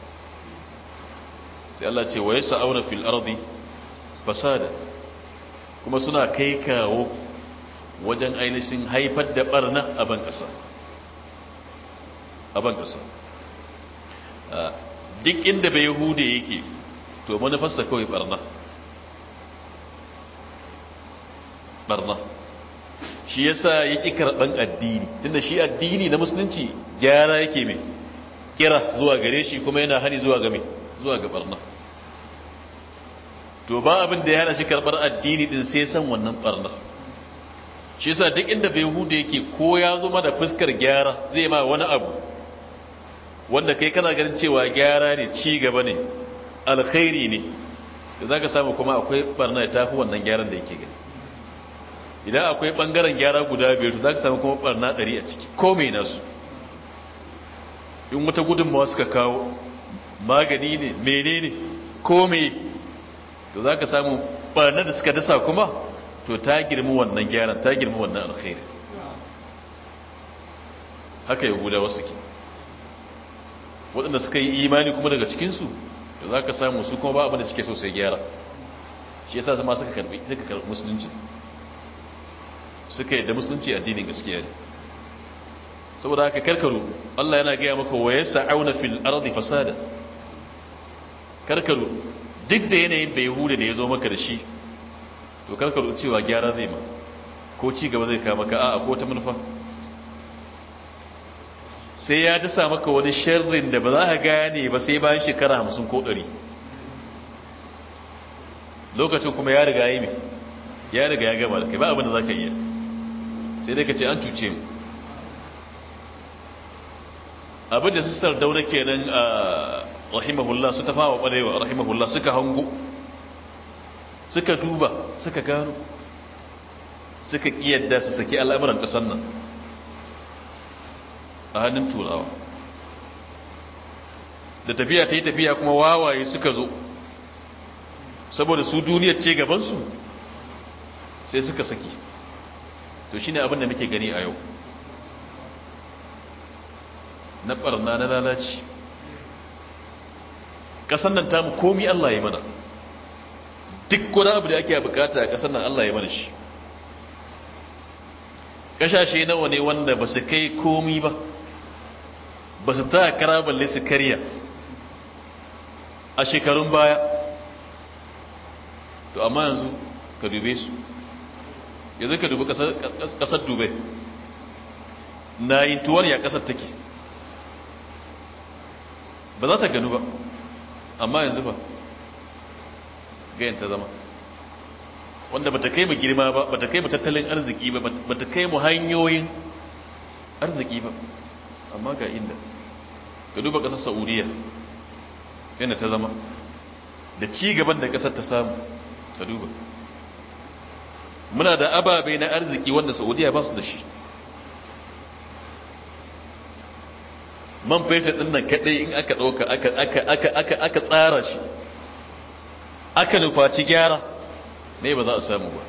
sai Allah ce wa yas'auna fil ardi fasada kuma suna kai kawo wajen ainihin haifar da barna a ban kasa a ban kasa ah, duk inda bai hude yake to manufarsa kawai barna barna shi yasa ya ƙi karɓan addini tunda shi addini na musulunci gyara yake mai kira zuwa gare shi kuma yana hani zuwa game zuwa ga barna to ba abin da ya hana shi karɓar addini din sai san wannan barna, shi yasa duk inda bai hude yake ko ya zo da fuskar gyara zai ma wani abu wanda kai kana ganin cewa gyara ne ci gaba ne alkhairi ne da za ka samu kuma akwai barna ta fi wannan gyaran da yake gani idan akwai bangaren gyara guda biyar to za ka samu kuma barna ɗari a ciki ko na nasu in wata gudunmawa suka kawo magani ne mene ne ko me? to za ka samu barna da suka dasa kuma to ta girma wannan gyaran ta girma wannan alkhairi haka yahudawa suke waɗanda suka yi imani kuma daga cikinsu da za ka samu su kuma ba abin da suke so sai gyara shi yasa zama suka karbi suka karbi musulunci suka da musulunci addinin gaskiya ne saboda haka karkaru Allah yana gaya maka wa auna fil ardi fasada karkaru duk da yanayin bai hude da ya zo maka da shi to karkaru cewa gyara zai ma ko ci gaba zai kama maka a'a ko ta manufa sai ya dasa maka wani sharrin da ba za a gane ba sai bayan shekara hamsin ko ɗari lokacin kuma ya riga yi mai, ya riga ya gama da kai ba abin da za ka iya sai dai ka ce an cuce mu abin da sistar daura kenan a ah, rahimahullah su tafawa ɓarewa rahimahullah suka hango suka duba suka gano suka da su saki al'amuran ƙasar nan a hannun turawa da tafiya ta yi tafiya kuma wawaye suka zo saboda su duniyar ce gabansu sai suka saki to ne abin da muke gani a yau na ɓarna na lalaci ƙasan nan ta mu komi Allah ya mana duk wani abu da ake bukata a ƙasar nan Allah ya mana shi ƙashashe nawa ne wanda ba su kai komi ba ba su ta kara balle su karya a shekarun baya to amma yanzu ka dube su yanzu ka dubi kasar dubai tuwar ya kasar take ba za ta ganu ba amma yanzu ba gayan ta zama wanda ba ta kai mu girma ba ba ta kai mu tattalin arziki ba ba ta kai mu hanyoyin arziki ba amma ga inda ka duba ƙasar saudiya yana ta zama da ci gaban da ƙasar ta samu ka duba muna da ababe na arziki wanda sa'udiyya ba su da shi man fetur ɗin nan kaɗai in aka ɗauka aka tsara shi aka nufaci gyara ne ba za a samu ba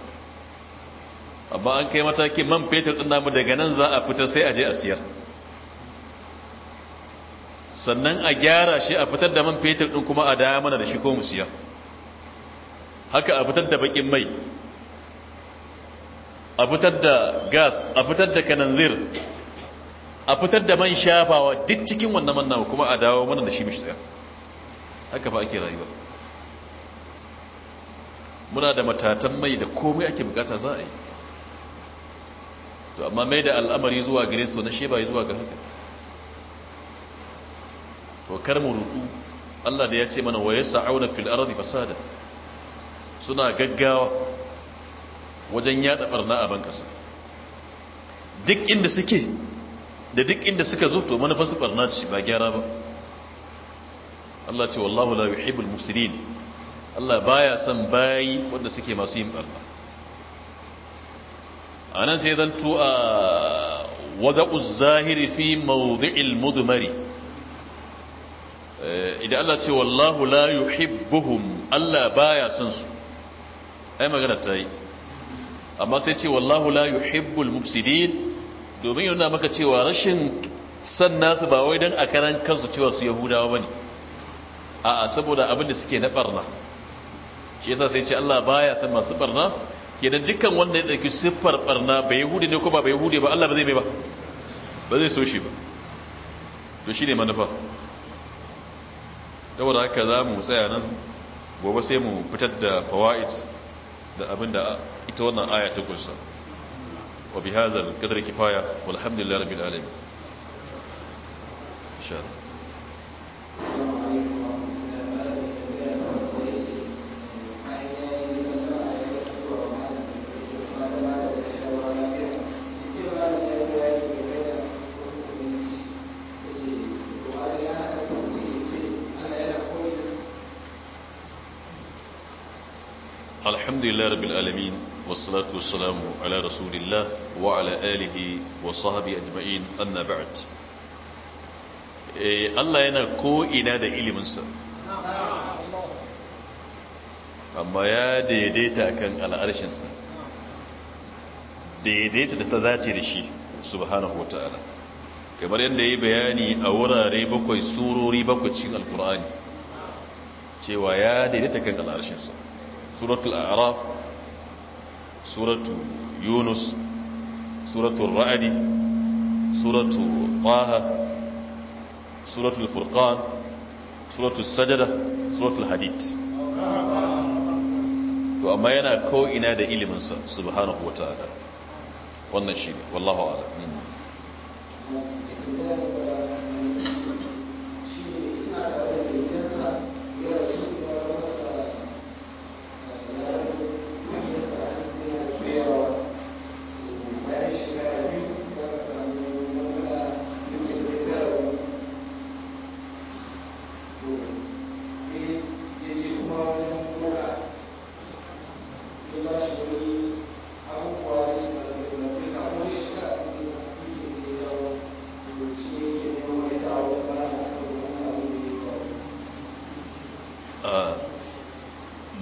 amma an kai matakin man fetur ɗin namu daga nan za a fita sai a je a siyar sannan a gyara shi a fitar da man fetur din kuma a daya mana da shi ko mu siya haka a fitar da bakin mai a fitar da gas a fitar da kananzir a fitar da man shafawa duk cikin wannan manna kuma a dawo mana da shi mishi haka fa ake rayuwa muna da matatan mai da komai ake bukata za a yi to amma mai da al'amari zuwa gare su na sheba zuwa ga haka to kar mu rudu Allah da ya ce mana waye sa'auna fil ardi fasada suna gaggawa wajen yada barna a ban kasa duk inda suke da duk inda suka zo to manufar su barna ce ba gyara ba Allah ce wallahu la yuhibbul mufsidin Allah baya san bayi wanda suke masu yin barna anan sai zan to a wada'u zahiri fi mawdi'il mudmari Eh, idan Allah ce wallahu la yuhibbuhum Allah baya son su ai magana ta yi amma sai ce wallahu la yuhibbul mufsidin domin yana maka cewa rashin san nasu ba wai dan a karan kansu cewa su yahudawa bane a'a saboda abin da suke na barna shi yasa sai ce Allah baya san masu barna kenan dukkan wanda ya dauki siffar barna ba yahudi ne ko ba yahudi ba Allah ba zai mai ba ba zai so shi ba to shine manufa saboda haka za mu tsaya nan gobe sai mu fitar da fawaid da abinda ita wannan aya ta kusa wa bihazal qadri kifaya walhamdulillahi rabbil alamin insha alhamdulillah rabbil alamin wassalatu wassalamu ala rasulillah wa ala alihi wa sahbi ajma'in amma ba'd eh Allah yana ko ina da ilimin sa amma ya daidaita kan al'arshin sa daidaita da ta dace da shi subhanahu wa ta'ala kamar yadda ya yi bayani a wurare bakwai surori bakwai cikin alkur'ani cewa ya daidaita kan al'arshinsa سورة الأعراف سورة يونس سورة الرعد سورة طه سورة الفرقان سورة السجدة سورة الحديد to amma yana ko ina da ilimin sa subhanahu wataala wannan shine wallahi a'lam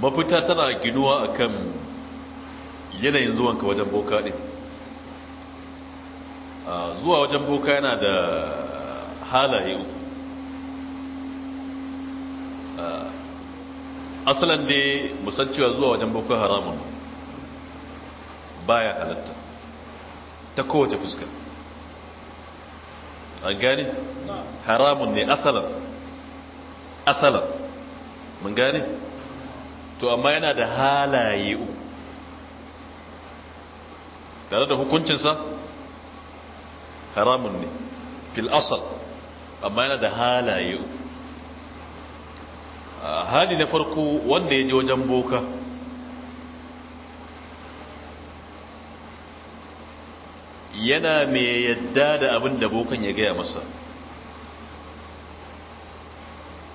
mafita tana ginuwa a kan yanayin zuwanka wajen boka ɗin zuwa wajen boka yana da halaye uku asalan dai musancewa zuwa wajen boka haramun baya halatta ta kowace fuska an gane haramun ne asalan asalan mun gane to amma yana da halaye uku tare da hukuncinsa haramun ne fil asal amma yana da halaye uku hali na farko wanda ya je wajen boka yana mai yadda da abin da bokan ya gaya masa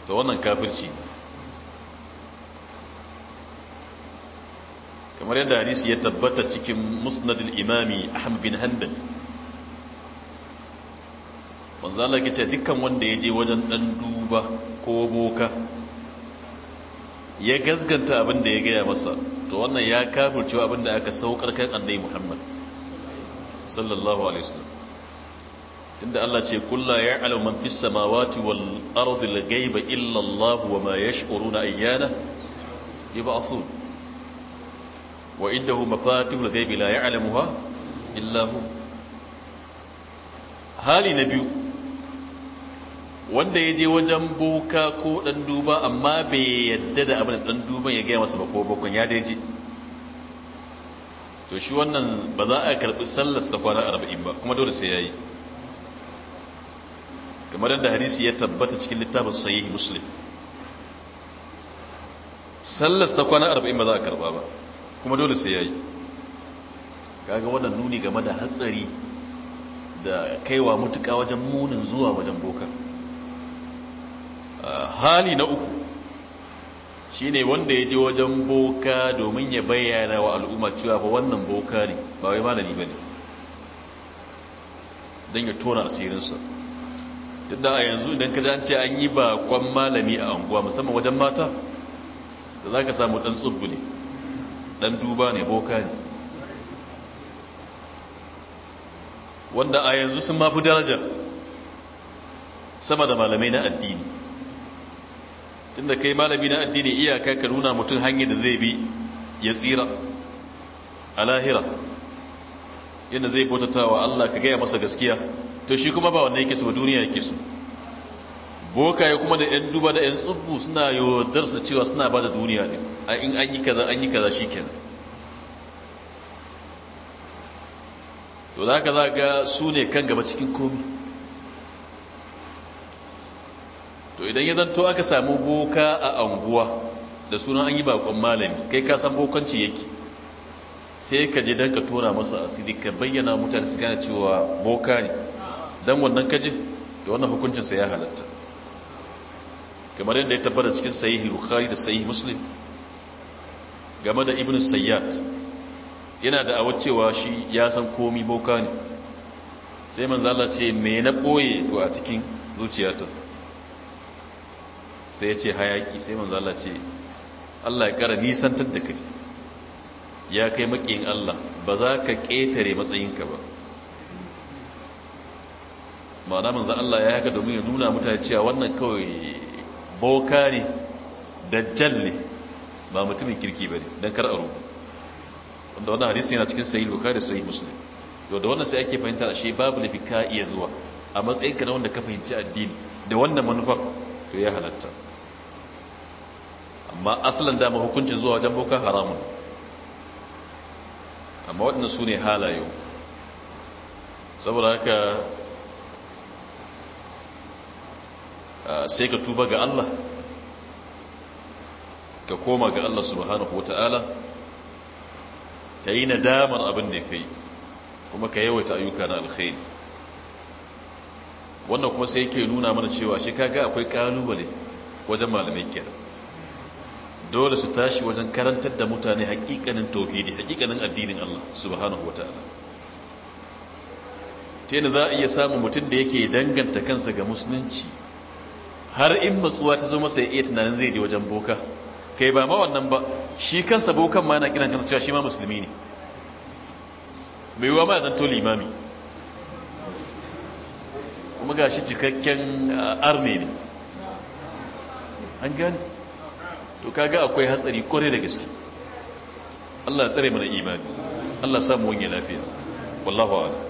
ta wannan kafirci ne kamar yadda hadisi ya tabbata cikin musnadul imami ahmad bin hanbal manzo Allah yake dukkan wanda ya je wajen dan duba ko boka ya gasganta abin da ya gaya masa to wannan ya kafirci abin da aka saukar kan annabi Muhammad sallallahu alaihi wasallam tunda Allah ce kullu ya'lamu man fis samawati wal ardi al-ghaiba illa Allah wa ma yash'uruna ayyana asul wa indahu mafatihul ghaibi la ya'lamuha illa hu hali na biyu wanda ya je wajen boka ko dan duba amma bai yadda da abin dan duban ya gaya masa ba ko bakon ya daji to shi wannan ba za a karbi sallas da kwana 40 ba kuma dole sai yayi kamar yadda hadisi ya tabbata cikin littafin sahih muslim sallas da kwana 40 ba za a karba ba kuma dole sai ya yi kaga wannan nuni game da hatsari da kaiwa mutuka wajen munin zuwa wajen boka ah, hali na uku shine wanda ya je wajen boka domin ya bayyana wa al'umma cewa ba wannan boka ne ba wai malami ba ne don ya tona asirinsa duk da a yanzu idan ka an ce an yi bakon malami a anguwa musamman wajen mata da za ka samu ɗan tsubbu dan duba ne boka ne wanda a yanzu sun mafi daraja sama da malamai na addini tunda kai malami na addini iyaka ka nuna mutum hanyar da zai bi ya tsira a lahira yadda zai bautatawa Allah ka gaya masa gaskiya to shi kuma ba wannan yake su ba duniya yake su bokaye kuma da yan duba da yan tsubbu suna yodar su cewa suna ba da duniya ne a in an yi kaza an yi kaza shi kenan to za ka ga su ne kan gaba cikin komi to idan ya zanto aka samu boka a anguwa da sunan an yi bakon malami kai ka san bokanci yake sai ka je don ka tona masa asiri ka bayyana mutane su gane cewa boka ne don wannan kaje da wannan hukuncinsa ya halatta kamar yadda ya tabbata cikin sahih bukhari da sahih muslim game da ibn sayyad yana da awa cewa shi ya san komi boka ne sai manzo Allah ce me na boye to a cikin zuciyata sai ya ce hayaki sai manzo Allah ce Allah ya kara nisantar da kai ya kai makiyin Allah ba za ka ketare matsayinka ba ma'ana manzo Allah ya haka domin ya nuna mutane cewa wannan kawai boka ne dajjal ne ba mutumin kirki ba ne don kar a rubu wanda wannan hadisun yana cikin sayi boka da sayi musulun. yau da wannan sai ake fahimta ashe babu lafi ka iya zuwa a matsayin ka na wanda ka fahimci addini da wannan manufa to ya halatta amma asalin dama hukuncin zuwa wajen boka haramun amma waɗanda su ne halayo saboda haka Ah, sai ka tuba ga Allah ka koma ga Allah subhanahu ta'ala ka yi nadamar abin da kai kuma ka yawaita ayyuka na alkhairi wannan kuma sai ke nuna mana cewa shi kaga akwai kalubale wajen malamai kenan dole su tashi wajen karantar da mutane hakikanin tauhidi hakikanin addinin Allah subhanahu wata'ala ta yana za a iya samun mutum da yake danganta kansa ga musulunci har in matsuwa ta zo masa ya iya tunanin zai je wajen boka kai ba ma wannan ba shi kansa bokan ma yana kiran kansa cewa shi ma musulmi ne mai yiwa ma ya zanto limami kuma ga shi cikakken ah, arne ne an gani to kaga akwai hatsari kwarai da gaske Allah ya tsare mana imani Allah samu wani lafiya wallahu a'lam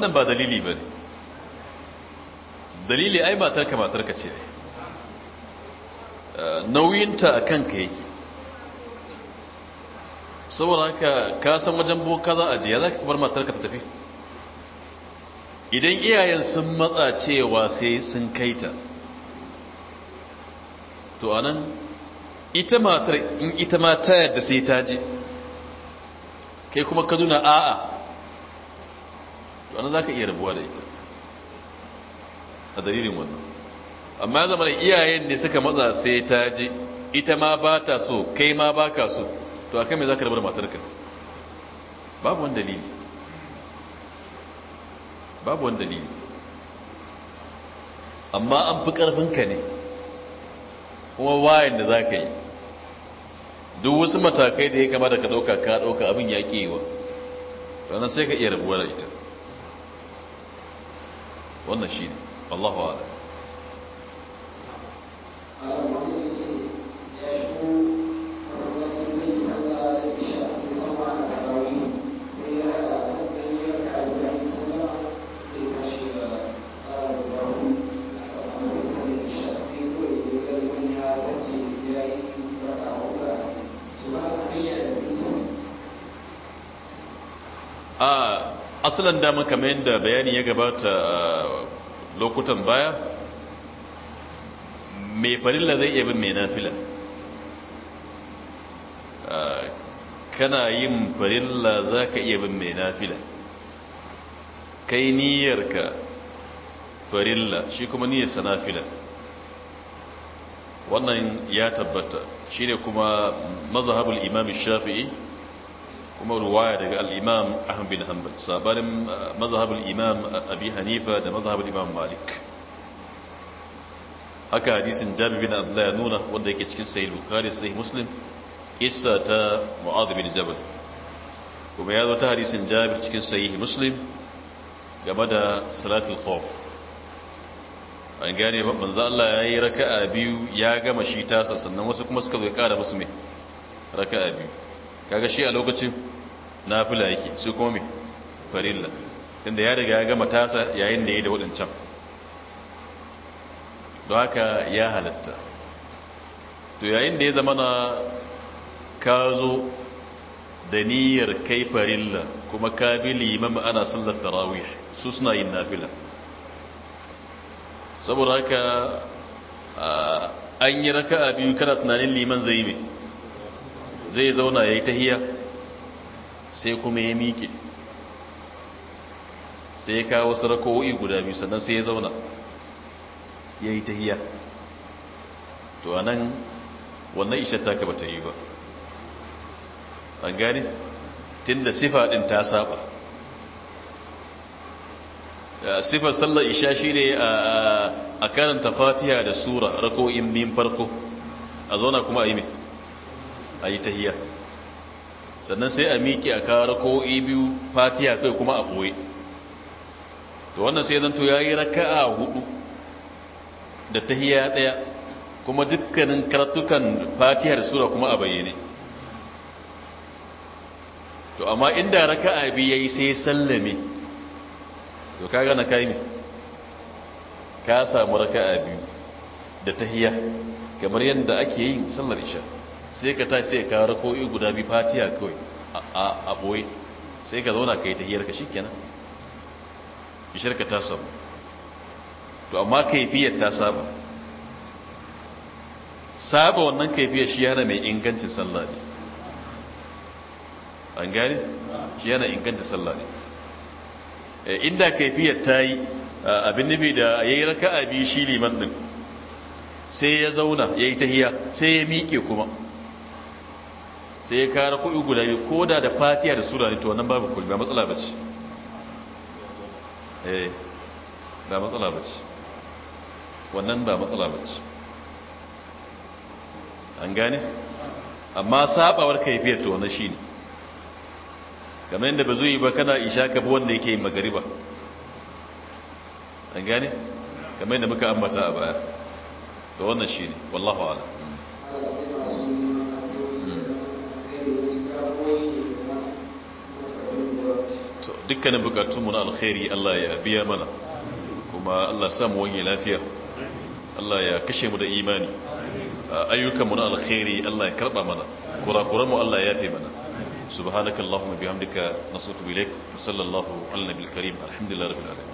wannan ba dalili ba ne dalili ai matar ka ce eh, nauyinta a kanka yake saboda haka ka san wajen boka za a je ya za ka bar matarka ta tafi idan iyayen sun matsa cewa sai sun kai ta to anan ita matar in ita ma ta yadda sai ta je kai kuma ka nuna a'a wani za ka iya rabuwa da ita a dalilin wannan amma zama da iyayen ne suka matsa sai ta je ita ma ba ta so kai ma ba ka so to a kan mai za ka rabu da matarka babu wani dalili babu wani dalili amma an fi ƙarfinka ne kuma wayan da za ka yi duk wasu matakai da ya da ka ɗauka ka ɗauka abin ya ƙewa ranar sai ka iya rabuwa da ita wannan shine wallahu a'lam asalan dama kamar yadda bayani ya gabata lokutan baya mai farilla zai iya bin mai nafila kana yin farilla za ka iya bin mai nafila kai niyyarka farilla shi kuma niyyarsa nafila wannan ya tabbata shi ne kuma mazhabul imam shafi'i kuma ruwaya daga al-imam ahmad bin hanbal sabarin uh, mazhabul imam abi hanifa da mazhabul imam malik haka hadisin jabir bin abdullah ya nuna wanda yake cikin sahih bukhari sahih muslim kissa ta mu'adh bin jabal kuma ya zo ta hadisin jabir cikin sahih muslim game da salatul khawf an gane manzo Allah ya yi raka'a biyu ya gama shi tasa sannan wasu kuma suka zo ya kara musu mai raka'a biyu kaga shi a lokacin nafila yake su kuma farilla tunda ya riga ya gama tasa yayin da ya yi da waɗancan don haka ya halatta to yayin da ya zama na ka zo da niyyar kai farilla kuma ka bi liman ana sallar tarawih su suna yin nafila saboda haka an yi raka'a biyu kana tunanin liman zai mai zai zauna ya yi ta hiya sai kuma ya miƙe sai ya kawo wasu rakowai guda biyu sannan sai ya zauna ya yi ta hiya. to a nan wannan ishar taka ba ta yi ba an gani tun da sifa ɗin ta saba sifar sallar isha shi ne a karanta fatiha da sura rako'in min farko a zauna kuma a yi mai a yi tahiyya sannan sai a miƙi a ko rako'i biyu fatiha kai kuma a ɓoye to wannan sai zanto ya yi raka a hudu da tahiyya ɗaya kuma dukkanin kartukan fatihar sura kuma a bayyane to amma inda raka'a biyu ya yi sai sallame to kaga na kai ka samu raka a biyu da tahiya kamar yadda ake yin sallar isha sai ka tashi sai ka i guda bi fatiya kai a boye sai ka zauna ka yi tahiyar ka shikenan bishar shirka ta sabu to amma kaifiyar ta saba saba wannan kaifiyar shi yana mai ingancin sallah ne an gane shi yana inganta sallah ne eh, inda kaifiyar ta yi abin nufi da ya yi raka'a biyu shi liman din sai ya zauna ya yi tahiya sai ya miƙe kuma sai ya kara kuɗi guda biyu ko da da fatiya da sura ne to wannan babu kulli ba matsala ba ce eh ba matsala ba ce wannan ba matsala ba ce an gane amma sabawar kaifiyar to wannan ne kamar yadda ba yi ba kana isha ka bi wanda yake yin ba, an gane kamar yadda muka ambata a baya to wannan shi ne wallahu a'lam to dukkanin bukatunmu na alkhairi Allah ya biya mana kuma Allah samu wani lafiya Allah ya kashe mu da imani ayyukanmu na alkhairi Allah ya karba mana kurakuranmu Allah ya yafe mana subhanakallahumma bihamdika nasutu bilaik sallallahu alaihi wa sallam alhamdulillahi rabbil alamin